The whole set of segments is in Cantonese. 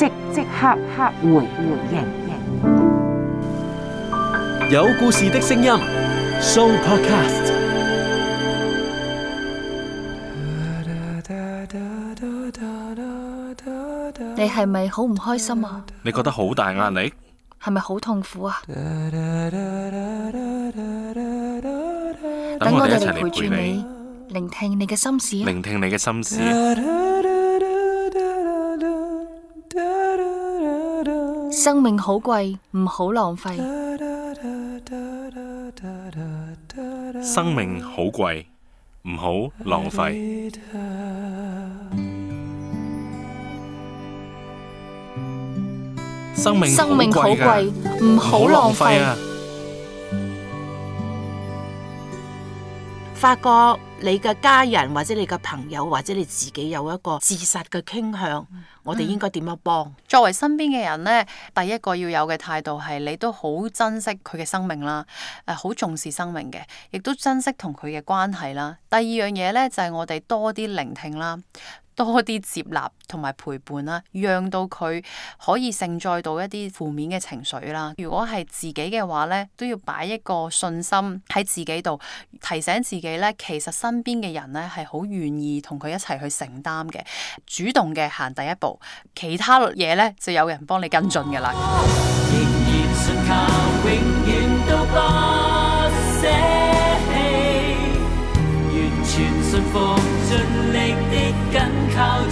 即即刻刻回回應應，有故事的聲音，So Podcast。你係咪好唔開心啊？你覺得好大壓力？係咪好痛苦啊？等我哋嚟陪住你，聆聽你嘅心事，聆聽你嘅心事。生命好貴，唔好浪費。生命好貴，唔好浪費。生命好貴嘅，唔好浪費啊！發覺。你嘅家人或者你嘅朋友或者你自己有一個自殺嘅傾向，嗯、我哋應該點樣幫？作為身邊嘅人咧，第一個要有嘅態度係你都好珍惜佢嘅生命啦，誒好重視生命嘅，亦都珍惜同佢嘅關係啦。第二樣嘢咧就係、是、我哋多啲聆聽啦。多啲接納同埋陪伴啦，讓到佢可以承載到一啲負面嘅情緒啦。如果係自己嘅話咧，都要擺一個信心喺自己度，提醒自己咧，其實身邊嘅人咧係好願意同佢一齊去承擔嘅，主動嘅行第一步，其他嘢咧就有人幫你跟進㗎喇。哦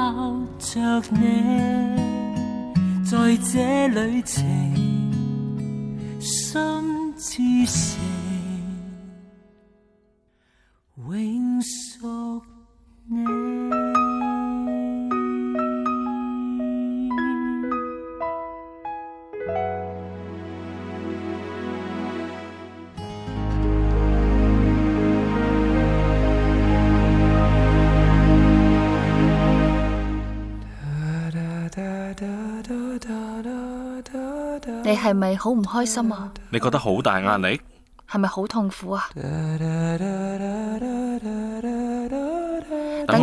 抱着你，在這裏情深至死。你係咪好唔開心啊？你覺得好大壓力？係咪好痛苦啊？等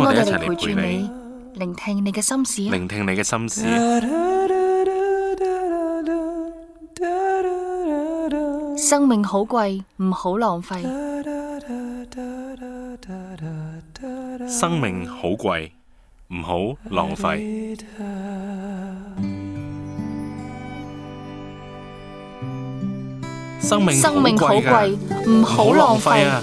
我哋嚟陪住你，聆聽你嘅心事。聆聽你嘅心事。生命好貴，唔好浪費。生命好貴。唔好浪費，生命好貴，唔好浪費啊！